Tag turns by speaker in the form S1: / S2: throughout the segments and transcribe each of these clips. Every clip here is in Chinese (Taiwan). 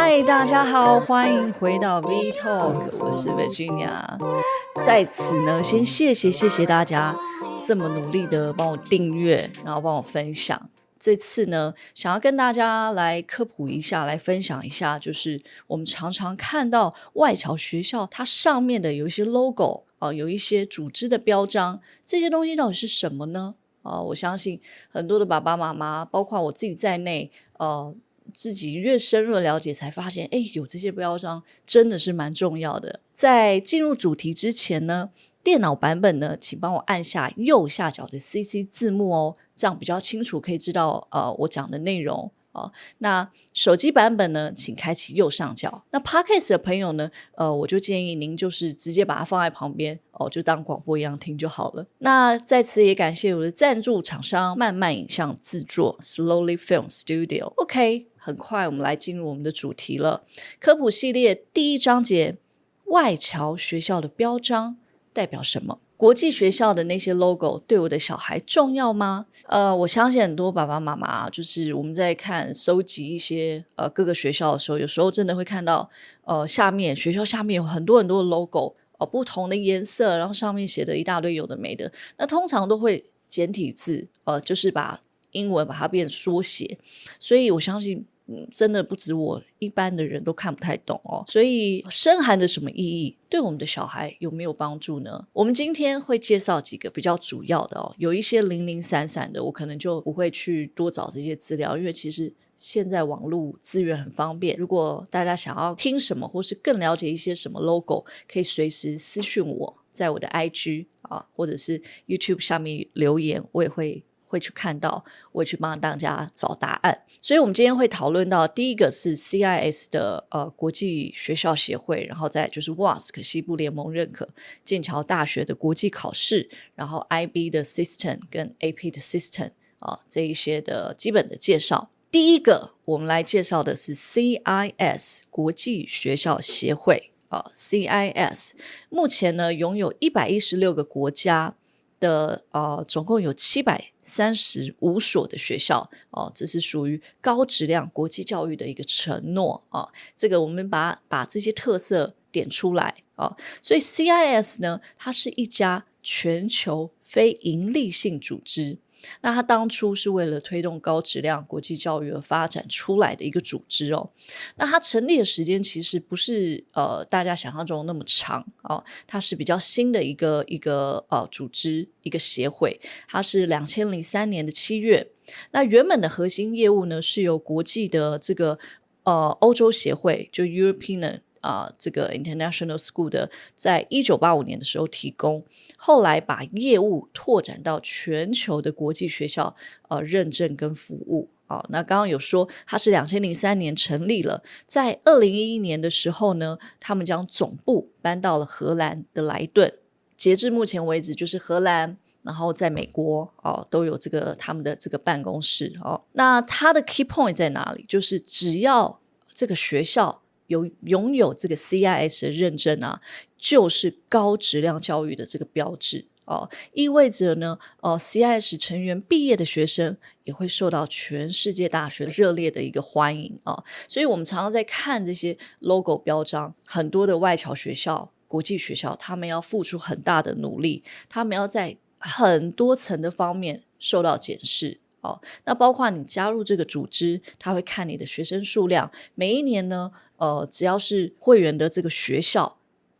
S1: 嗨，Hi, 大家好，歡迎回到 V Talk，我是 Virginia。在此呢，先謝謝謝謝大家這麼努力的幫我訂閱，然後幫我分享。這次呢，想要跟大家來科普一下，來分享一下，就是我們常常看到外僑學校它上面的有一些 logo，啊、呃，有一些組織的標章，這些東西到底是什麼呢？啊、呃，我相信很多的爸爸媽媽，包括我自己在內，呃自己越深入的了解，才發現，哎，有這些標章真的是蠻重要的。在進入主題之前呢，電腦版本呢，請幫我按下右下角的 CC 字幕哦，這樣比較清楚，可以知道呃我講的內容哦。那手機版本呢，請開啟右上角。那 Podcast 的朋友呢，呃，我就建議您就是直接把它放在旁邊哦，就當廣播一樣聽就好了。那在此也感謝我的贊助廠商慢慢影像制作 Slowly Film Studio。OK。很快，我們來進入我們的主題了。科普系列第一章節：外僑學校的標章代表什麼？國際學校的那些 logo 對我的小孩重要嗎？呃，我相信很多爸爸媽媽，就是我們在看收集一些呃各個學校的時候，有時候真的會看到呃下面學校下面有很多很多的 logo，呃不同的顏色，然後上面寫的一大堆有的沒的。那通常都會簡體字，呃，就是把英文把它變縮寫。所以我相信。嗯，真的不止我，一般的人都看不太懂哦，所以深含着什麼意義，對我們的小孩有沒有幫助呢？我們今天會介紹幾個比較主要的哦，有一些零零散散的，我可能就不會去多找這些資料，因為其實現在網絡資源很方便。如果大家想要聽什麼，或是更了解一些什麼 logo，可以隨時私訊我，在我的 IG 啊，或者是 YouTube 下面留言，我也會。會去看到，會去幫大家找答案，所以，我們今天會討論到第一個是 CIS 的呃國際學校協會，然後再就是 WASC 西部聯盟認可劍橋大學的國際考試，然後 IB 的 system 跟 AP 的 system 啊、呃、這一些的基本的介紹。第一個我們來介紹的是 CIS 國際學校協會啊、呃、，CIS 目前呢擁有一百一十六個國家。的啊、呃，總共有七百三十五所的學校哦、呃，這是屬於高質量國際教育的一個承諾啊、呃。這個我們把把這些特色點出來啊、呃，所以 CIS 呢，它是一家全球非營利性組織。那它當初是為了推動高質量國際教育的發展出來的一個組織哦。那它成立的時間其實不是呃大家想象中那麼長哦，它、呃、是比較新的一個一個呃組織一個協會，它是兩千零三年的七月。那原本的核心業務呢，是由國際的這個呃歐洲協會，就 European。啊、呃，這個 International School 的，在一九八五年的時候提供，後來把業務拓展到全球的國際學校，呃，認證跟服務啊、呃。那剛剛有說，他是兩千零三年成立了，在二零一一年的時候呢，他們將總部搬到了荷蘭的萊頓。截至目前為止，就是荷蘭，然後在美國哦、呃、都有這個他們的這個辦公室哦、呃。那它的 key point 在哪裡？就是只要這個學校。有擁有這個 CIS 的認證啊，就是高質量教育的這個標誌哦、呃，意味着呢，哦、呃，CIS 成員畢業的學生也會受到全世界大學熱烈的一個歡迎啊、呃，所以我們常常在看這些 logo 標章，很多的外僑學校、國際學校，他們要付出很大的努力，他們要在很多層的方面受到檢視。哦，那包括你加入這個組織，他會看你的學生數量。每一年呢，呃，只要是會員的這個學校，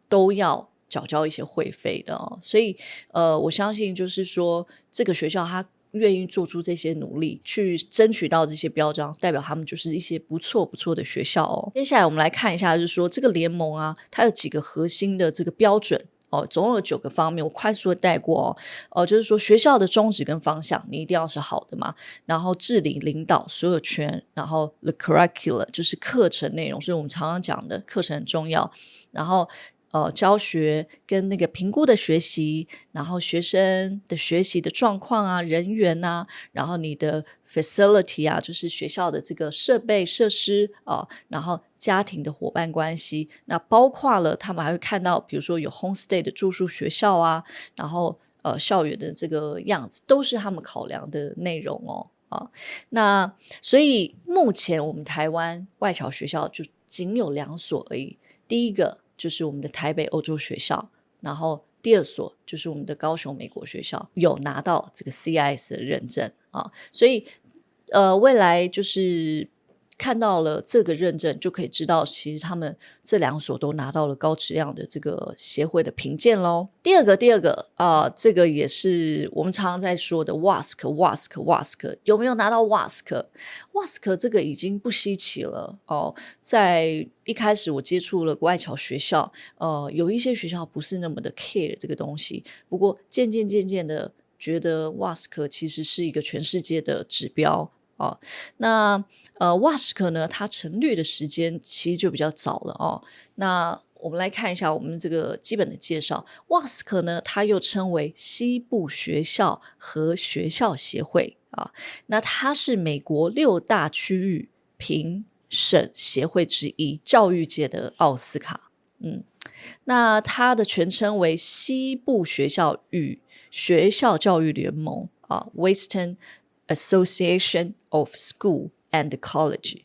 S1: 都要繳交一些會費的哦。所以，呃，我相信就是說，這個學校他願意做出這些努力，去爭取到這些標章，代表他們就是一些不錯不錯的學校哦。接下來我們來看一下，就是說這個聯盟啊，它有幾個核心的這個標準。哦，總共有九個方面，我快速的帶過哦。哦，就是說學校的宗旨跟方向，你一定要是好的嘛。然後治理、領導、所有權，然後 the curriculum 就是課程內容，所以我們常常講的課程很重要。然後。呃，教學跟那個評估的學習，然後學生的學習的狀況啊，人員吶、啊，然後你的 facility 啊，就是學校的這個設備設施啊、呃，然後家庭的夥伴關係，那包括了他們還會看到，比如說有 homestay 的住宿學校啊，然後呃校園的這個樣子，都是他們考量的內容哦。啊、呃，那所以目前我們台灣外僑學校就僅有兩所而已，第一個。就是我們的台北歐洲學校，然後第二所就是我們的高雄美國學校，有拿到這個 CIS 的認證啊、哦，所以呃，未來就是。看到了這個認證，就可以知道其實他們這兩所都拿到了高質量的這個協會的評鑑咯。第二個，第二個啊、呃，這個也是我們常常在說的 WASC，WASC，WASC 有沒有拿到 WASC？WASC 這個已經不稀奇了哦、呃。在一開始我接觸了國外僑學校，呃，有一些學校不是那麼的 care 這個東西，不過漸漸漸漸的覺得 WASC 其實是一個全世界的指標。哦，那呃，WASC 呢？它成立的時間其實就比較早了哦。那我們來看一下我們這個基本的介紹。WASC 呢，它又稱為西部學校和學校協會啊。那它是美國六大區域評審協會之一，教育界的奧斯卡。嗯，那它的全稱為西部學校與學校教育聯盟啊 w a s t e n Association of School and College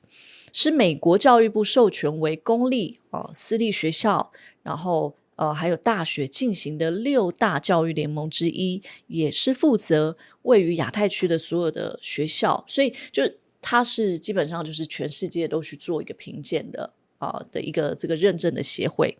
S1: 是美國教育部授權為公立哦、呃、私立學校，然後呃還有大學進行的六大教育聯盟之一，也是負責位於亞太區的所有的學校，所以就他它是基本上就是全世界都去做一個評鑑的啊、呃、的一個這個認證的協會。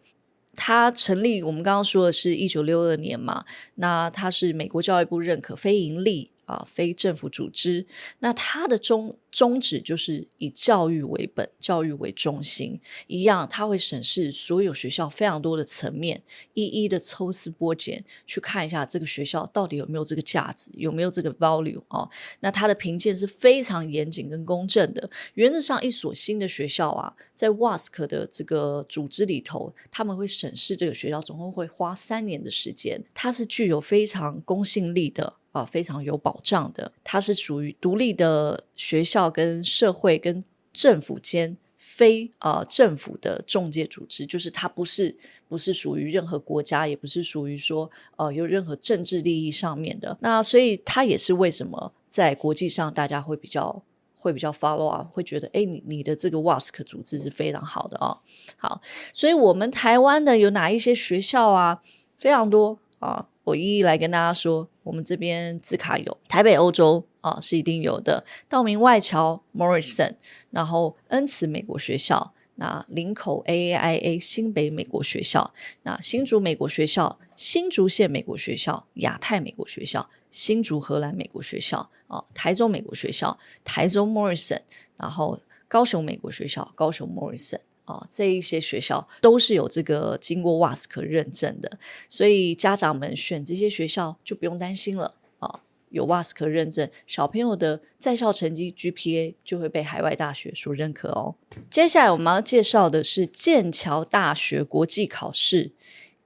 S1: 它成立我們剛剛說的是一九六二年嘛，那它是美國教育部認可非營利。啊，非政府組織，那它的宗宗旨就是以教育為本、教育為中心。一樣，它會審視所有學校非常多的層面，一一的抽絲剝繭，去看一下這個學校到底有沒有這個價值，有沒有這個 value 啊，哦。那它的評鑑是非常嚴謹跟公正的。原則上，一所新的學校啊，在 WASC 的這個組織裡頭，他們會審視這個學校，總共會花三年的時間。它是具有非常公信力的。啊，非常有保障的，它是屬於獨立的學校跟社會跟政府間非啊、呃、政府的中介組織，就是它不是不是屬於任何國家，也不是屬於說呃有任何政治利益上面的。那所以它也是為什麼在國際上大家會比較會比較 follow 啊，會覺得哎，你你的這個 WASC 組織是非常好的啊、哦。好，所以我們台灣的有哪一些學校啊，非常多。啊，我一一來跟大家說，我們這邊字卡有台北歐洲啊，是一定有的。道明外僑 Morrison，然後恩慈美國學校，那林口 AAIA 新北美國學校，那新竹美國學校，新竹縣美國學校，亞太美國學校，新竹荷蘭美國學校，啊，台中美國學校，台中 Morrison，然後高雄美國學校，高雄 Morrison。哦，這一些學校都是有這個經過 WASC 認證的，所以家長們選這些學校就不用擔心了。哦，有 WASC 認證，小朋友的在校成績 GPA 就會被海外大學所認可哦。接下來我們要介紹的是劍橋大學國際考試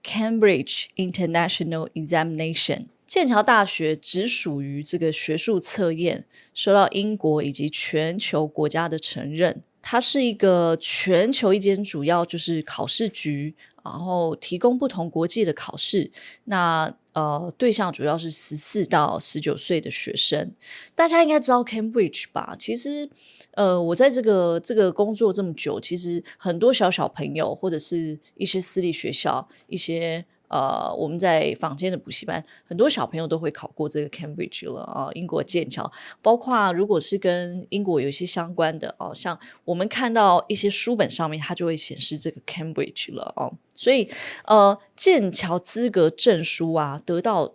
S1: （Cambridge International Examination）。劍橋大學只屬於這個學術測驗，受到英國以及全球國家的承認。它是一個全球一間主要就是考試局，然後提供不同國際的考試。那呃，對象主要是十四到十九歲的學生。大家應該知道 Cambridge 吧？其實，呃，我在這個這個工作這麼久，其實很多小小朋友或者是一些私立學校一些。呃，我們在坊間的補習班，很多小朋友都會考過這個 Cambridge 了哦，英國劍橋，包括如果是跟英國有一些相關的哦，像我們看到一些書本上面，它就會顯示這個 Cambridge 了哦，所以呃，劍橋資格證書啊，得到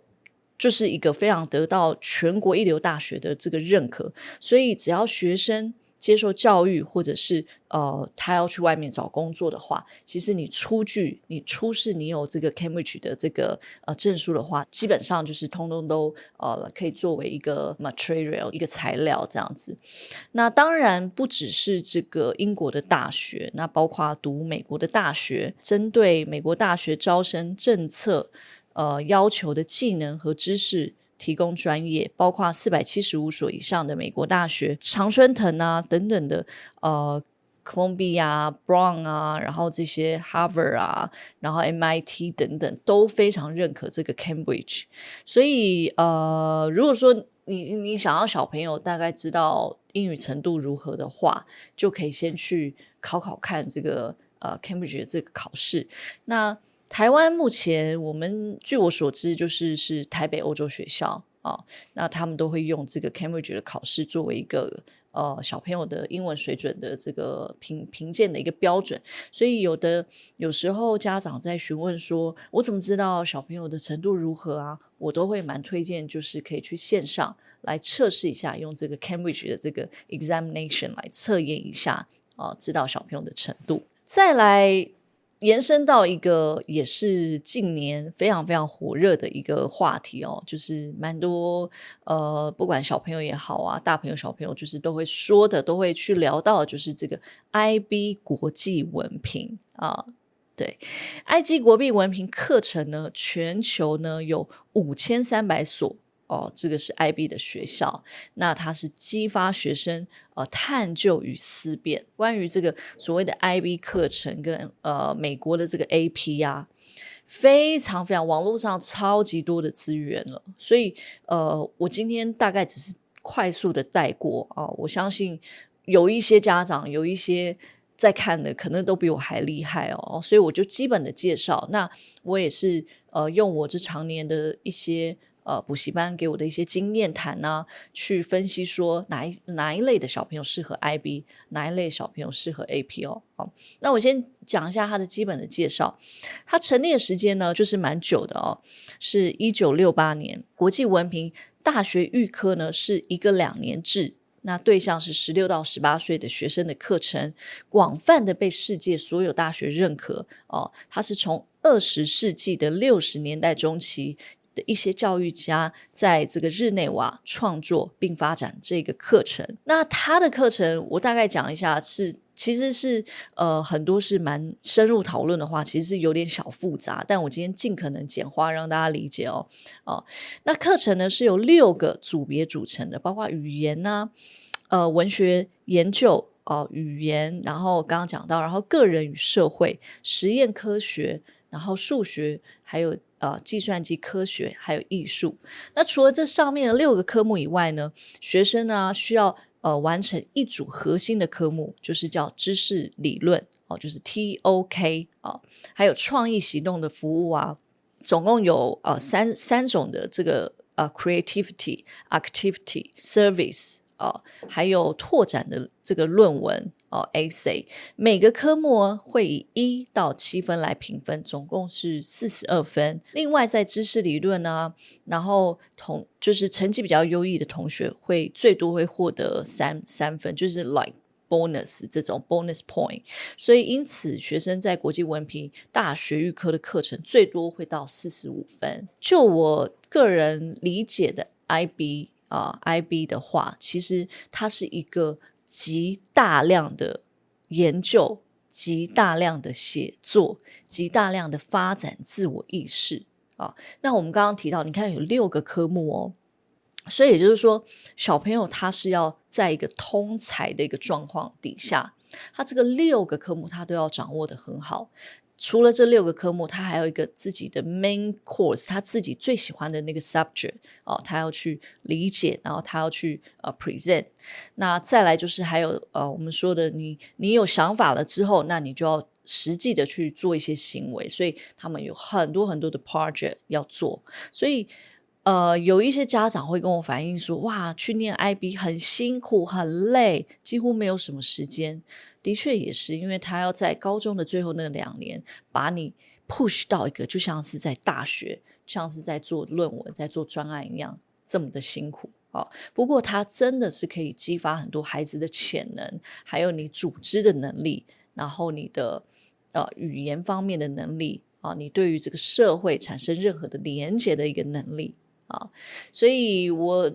S1: 就是一個非常得到全國一流大學的這個認可，所以只要學生接受教育，或者是呃，他要去外面找工作的話，其實你出具，你出示你有這個 Cambridge 的這個呃證書的話，基本上就是通通都呃可以作為一個 material 一個材料這樣子。那當然不只是這個英國的大學，那包括讀美國的大學，針對美國大學招生政策呃要求的技能和知識。提供專業，包括四百七十五所以上的美國大學，常春藤啊等等的，呃，Columbia 啊，Brown 啊，然後這些 Harvard 啊，然後 MIT 等等都非常認可這個 Cambridge。所以，呃，如果說你你想要小朋友大概知道英語程度如何的話，就可以先去考考看這個呃 Cambridge 的這個考試。那台灣目前，我們據我所知，就是是台北歐洲學校啊，那他們都會用這個 Cambridge 的考試作為一個呃小朋友的英文水準的這個評評鑑的一個標準。所以有的有時候家長在詢問說，我怎麼知道小朋友的程度如何啊？我都會蠻推薦，就是可以去線上來測試一下，用這個 Cambridge 的這個 examination 來測驗一下啊，知道小朋友的程度，再來。延伸到一個也是近年非常非常火熱的一個話題哦，就是蠻多呃，不管小朋友也好啊，大朋友小朋友就是都會說的，都會去聊到，就是這個 IB 國際文憑啊。對，IB 國際文憑課程呢，全球呢有五千三百所，哦，這個是 IB 的學校，那它是激發學生呃，探究與思辨。關於這個所謂的 IB 課程跟呃美國的這個 AP 啊，非常非常網絡上超級多的資源了。所以呃，我今天大概只是快速的帶過啊、呃。我相信有一些家長，有一些在看的，可能都比我還厲害哦。所以我就基本的介紹。那我也是呃，用我這常年的一些。呃，補習班給我的一些經驗談呢，啊，去分析說哪一哪一類的小朋友適合 IB，哪一類小朋友適合 AP 哦。哦，那我先講一下它的基本的介紹。它成立的時間呢，就是蠻久的哦，是一九六八年。國際文憑大學預科呢是一個兩年制，那對象是十六到十八歲的學生的課程，廣泛的被世界所有大學認可哦。它是從二十世紀的六十年代中期。的一些教育家在這個日內瓦創作並發展這個課程。那他的課程我大概講一下是，是其實是呃很多是蠻深入討論的話，其實是有點小複雜。但我今天盡可能簡化讓大家理解哦。哦、呃，那課程呢是由六個組別組成的，包括語言呢、啊，呃，文學研究哦、呃，語言，然後剛剛講到，然後個人與社會，實驗科學，然後數學，還有。呃，計算機科學還有藝術。那除了這上面的六個科目以外呢，學生呢需要呃完成一組核心的科目，就是叫知識理論哦、呃，就是 TOK 啊，還有創意行動的服務啊，總共有呃三三種的這個啊、呃、creativity activity service 啊、呃，還有拓展的這個論文。哦，A C 每個科目會以一到七分來評分，總共是四十二分。另外，在知識理論呢、啊，然後同就是成績比較優異的同學會，會最多會獲得三三分，就是 like bonus 這種 bonus point。所以，因此學生在國際文憑大學預科的課程最多會到四十五分。就我個人理解的 IB 啊、呃、，IB 的話，其實它是一個。極大量的研究，極大量的寫作，極大量的發展自我意識啊！那我們剛剛提到，你看有六個科目哦，所以也就是說，小朋友他是要在一個通才的一個狀況底下，他這個六個科目他都要掌握得很好。除了這六個科目，他還有一個自己的 main course，他自己最喜歡的那個 subject，哦、呃，他要去理解，然後他要去呃 present。那再來就是還有呃，我們說的你你有想法了之後，那你就要實際的去做一些行為，所以他們有很多很多的 project 要做。所以呃，有一些家長會跟我反映說，哇，去念 IB 很辛苦很累，幾乎沒有什麼時間。的確也是，因為他要在高中的最後那兩年把你 push 到一個就像是在大學，像是在做論文、在做專案一樣這麼的辛苦啊、哦。不過，他真的是可以激發很多孩子的潛能，還有你組織的能力，然後你的、啊、語言方面的能力啊，你對於這個社會產生任何的連接的一個能力啊。所以我。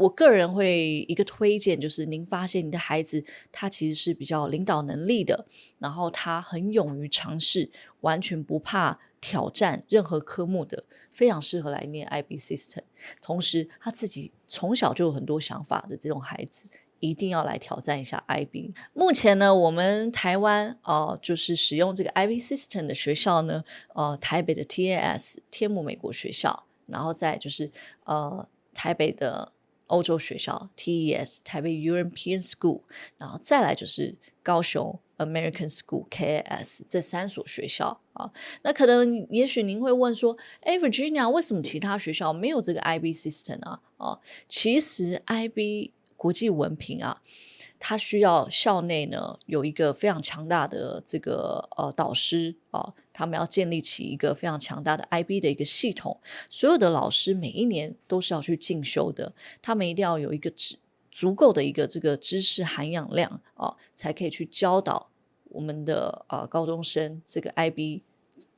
S1: 我個人會一個推薦就是，您發現你的孩子他其實是比較領導能力的，然後他很勇於嘗試，完全不怕挑戰任何科目的，非常適合來念 IB System。同時，他自己從小就有很多想法的這種孩子，一定要來挑戰一下 IB。目前呢，我們台灣哦，呃，就是使用這個 IB System 的學校呢，呃，台北的 TAS 天母美國學校，然後再就是呃台北的。歐洲學校 TES 台北 European School，然後再來就是高雄 American School KAS 這三所學校啊，那可能也許您會問說，哎 Virginia 為什麼其他學校沒有這個 IB System 啊？啊，其實 IB 國際文憑啊，它需要校內呢有一個非常強大的這個呃導師啊。他們要建立起一個非常強大的 IB 的一個系統，所有的老師每一年都是要去進修的，他們一定要有一個足足夠的一個這個知識涵養量啊、呃，才可以去教導我們的啊、呃、高中生這個 IB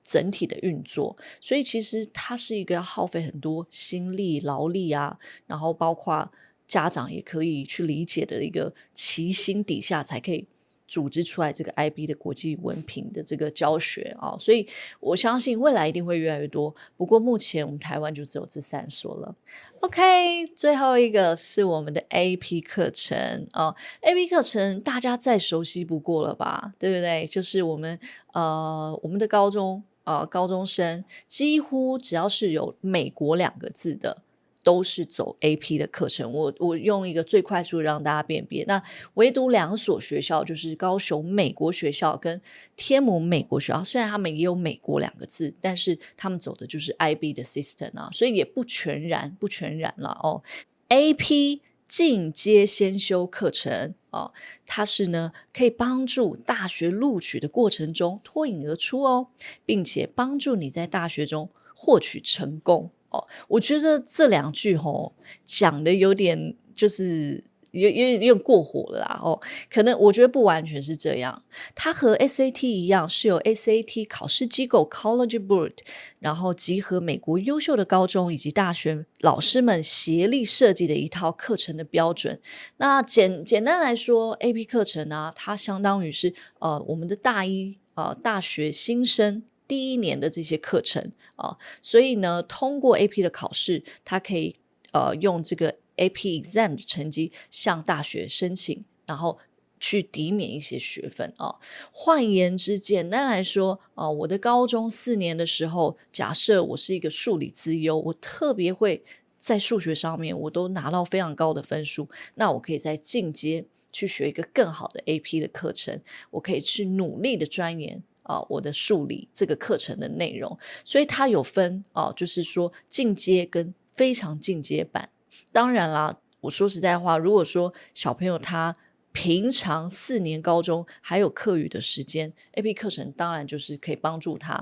S1: 整體的運作。所以其實它是一個要耗費很多心力、勞力啊，然後包括家長也可以去理解的一個齊心底下才可以。組織出來這個 IB 的國際文憑的這個教學啊，所以我相信未來一定會越來越多。不過目前我們台灣就只有這三所了。OK，最後一個是我們的 AP 課程啊，呃，AP 課程大家再熟悉不過了吧，對不對？就是我們呃我們的高中啊，呃，高中生幾乎只要是有美國兩個字的，都是走 AP 的課程，我我用一個最快速讓大家辨別。那唯獨兩所學校，就是高雄美國學校跟天母美國學校，雖然他們也有美國兩個字，但是他們走的就是 IB 的 system 啊，所以也不全然，不全然了哦。AP 進階先修課程啊，哦，它是呢可以幫助大學錄取的過程中脫穎而出哦，並且幫助你在大學中獲取成功。哦，我覺得這兩句吼、哦、講的有點就是有有有點過火了啦。哦，可能我覺得不完全是這樣。它和 SAT 一樣，是由 SAT 考試機構 College Board，然後集合美國優秀的高中以及大學老師們協力設計的一套課程的標準。那簡簡單來說，AP 課程啊，它相當於是呃我們的大一呃大學新生。第一年的這些課程啊，所以呢，通過 AP 的考試，他可以呃用這個 AP exam 的成績向大學申請，然後去抵免一些學分啊。換言之，簡單來說啊，我的高中四年的時候，假設我是一個數理資優，我特別會在數學上面，我都拿到非常高的分數，那我可以在進階去學一個更好的 AP 的課程，我可以去努力的鑽研。啊、呃，我的數理這個課程的內容，所以它有分啊、呃，就是說進階跟非常進階版。當然啦，我說實在話，如果說小朋友他平常四年高中還有課餘的時間，AP 課程當然就是可以幫助他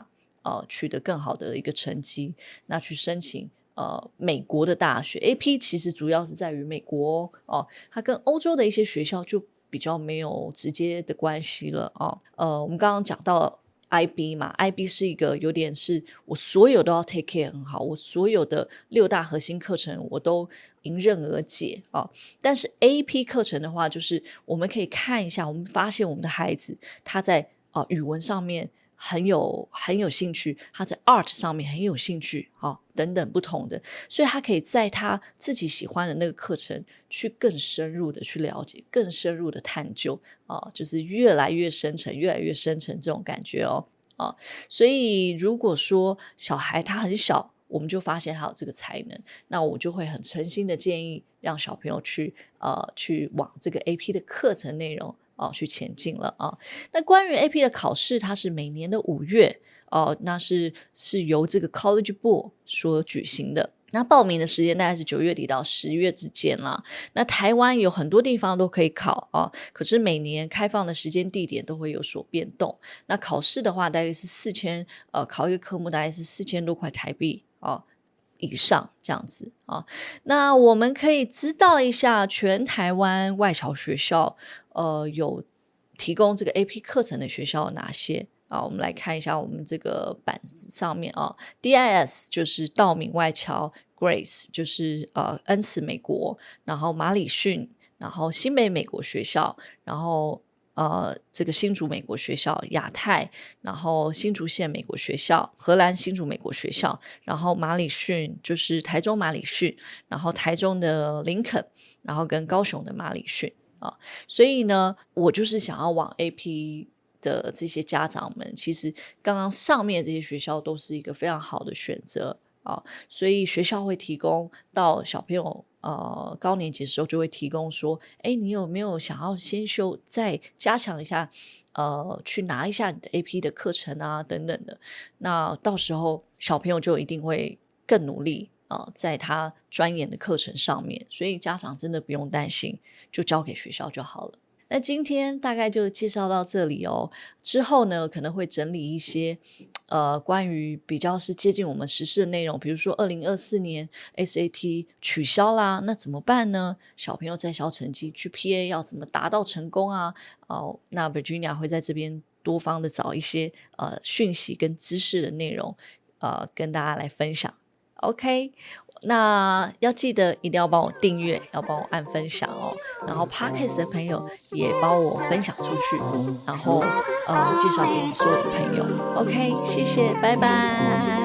S1: 啊、呃、取得更好的一個成績，那去申請呃美國的大學。AP 其實主要是在於美國哦，它、呃、跟歐洲的一些學校就。比較沒有直接的關係了啊，呃，我們剛剛講到 IB 嘛，IB 是一個有點是我所有都要 take care 很好，我所有的六大核心課程我都迎刃而解啊、呃，但是 AP 課程的話，就是我們可以看一下，我們發現我們的孩子他在啊、呃、語文上面，很有很有興趣，他在 art 上面很有興趣，啊，等等不同的，所以他可以在他自己喜歡的那個課程去更深入的去了解，更深入的探究，啊，就是越來越深層，越來越深層這種感覺哦，啊，所以如果說小孩他很小，我們就發現他有這個才能，那我就會很誠心的建議讓小朋友去呃去往這個 AP 的課程內容。哦，去前進了啊！那關於 AP 的考試，它是每年的五月哦、啊，那是是由這個 College Board 所舉行的。那報名的時間大概是九月底到十月之間啦。那台灣有很多地方都可以考啊，可是每年開放的時間地點都會有所變動。那考試的話，大概是四千呃，考一個科目大概是四千多塊台幣啊以上這樣子啊。那我們可以知道一下全台灣外僑學校。呃，有提供這個 AP 課程的學校有哪些啊？我們來看一下我們這個板子上面啊，DIS 就是道明外僑，Grace 就是呃恩慈美國，然後馬禮遜，然後華美美國學校，然後呃這個新竹美國學校亞太，然後新竹縣美國學校，荷蘭新竹美國學校，然後馬禮遜就是台中馬禮遜，然後台中的林肯，然後跟高雄的馬禮遜。啊，所以呢，我就是想要往 AP 的這些家長們，其實剛剛上面這些學校都是一個非常好的選擇啊。所以學校會提供到小朋友呃高年級的時候，就會提供說，哎，你有沒有想要先修再加強一下？呃，去拿一下你的 AP 的課程啊，等等的。那到時候小朋友就一定會更努力。呃，在他專研的課程上面，所以家長真的不用擔心，就交給學校就好了。那今天大概就介紹到這裡哦。之後呢，可能會整理一些呃關於比較是接近我們時事的內容，比如說二零二四年 SAT 取消啦，那怎麼辦呢？小朋友在校成績 GPA 要怎麼達到成功啊？哦、呃，那 Virginia 會在這邊多方的找一些呃訊息跟知識的內容，呃，跟大家來分享。OK，那要記得一定要幫我訂閱，要幫我按分享哦，然後 Podcast 的朋友也幫我分享出去，然後呃介紹給你所有的朋友。OK，謝謝，拜拜。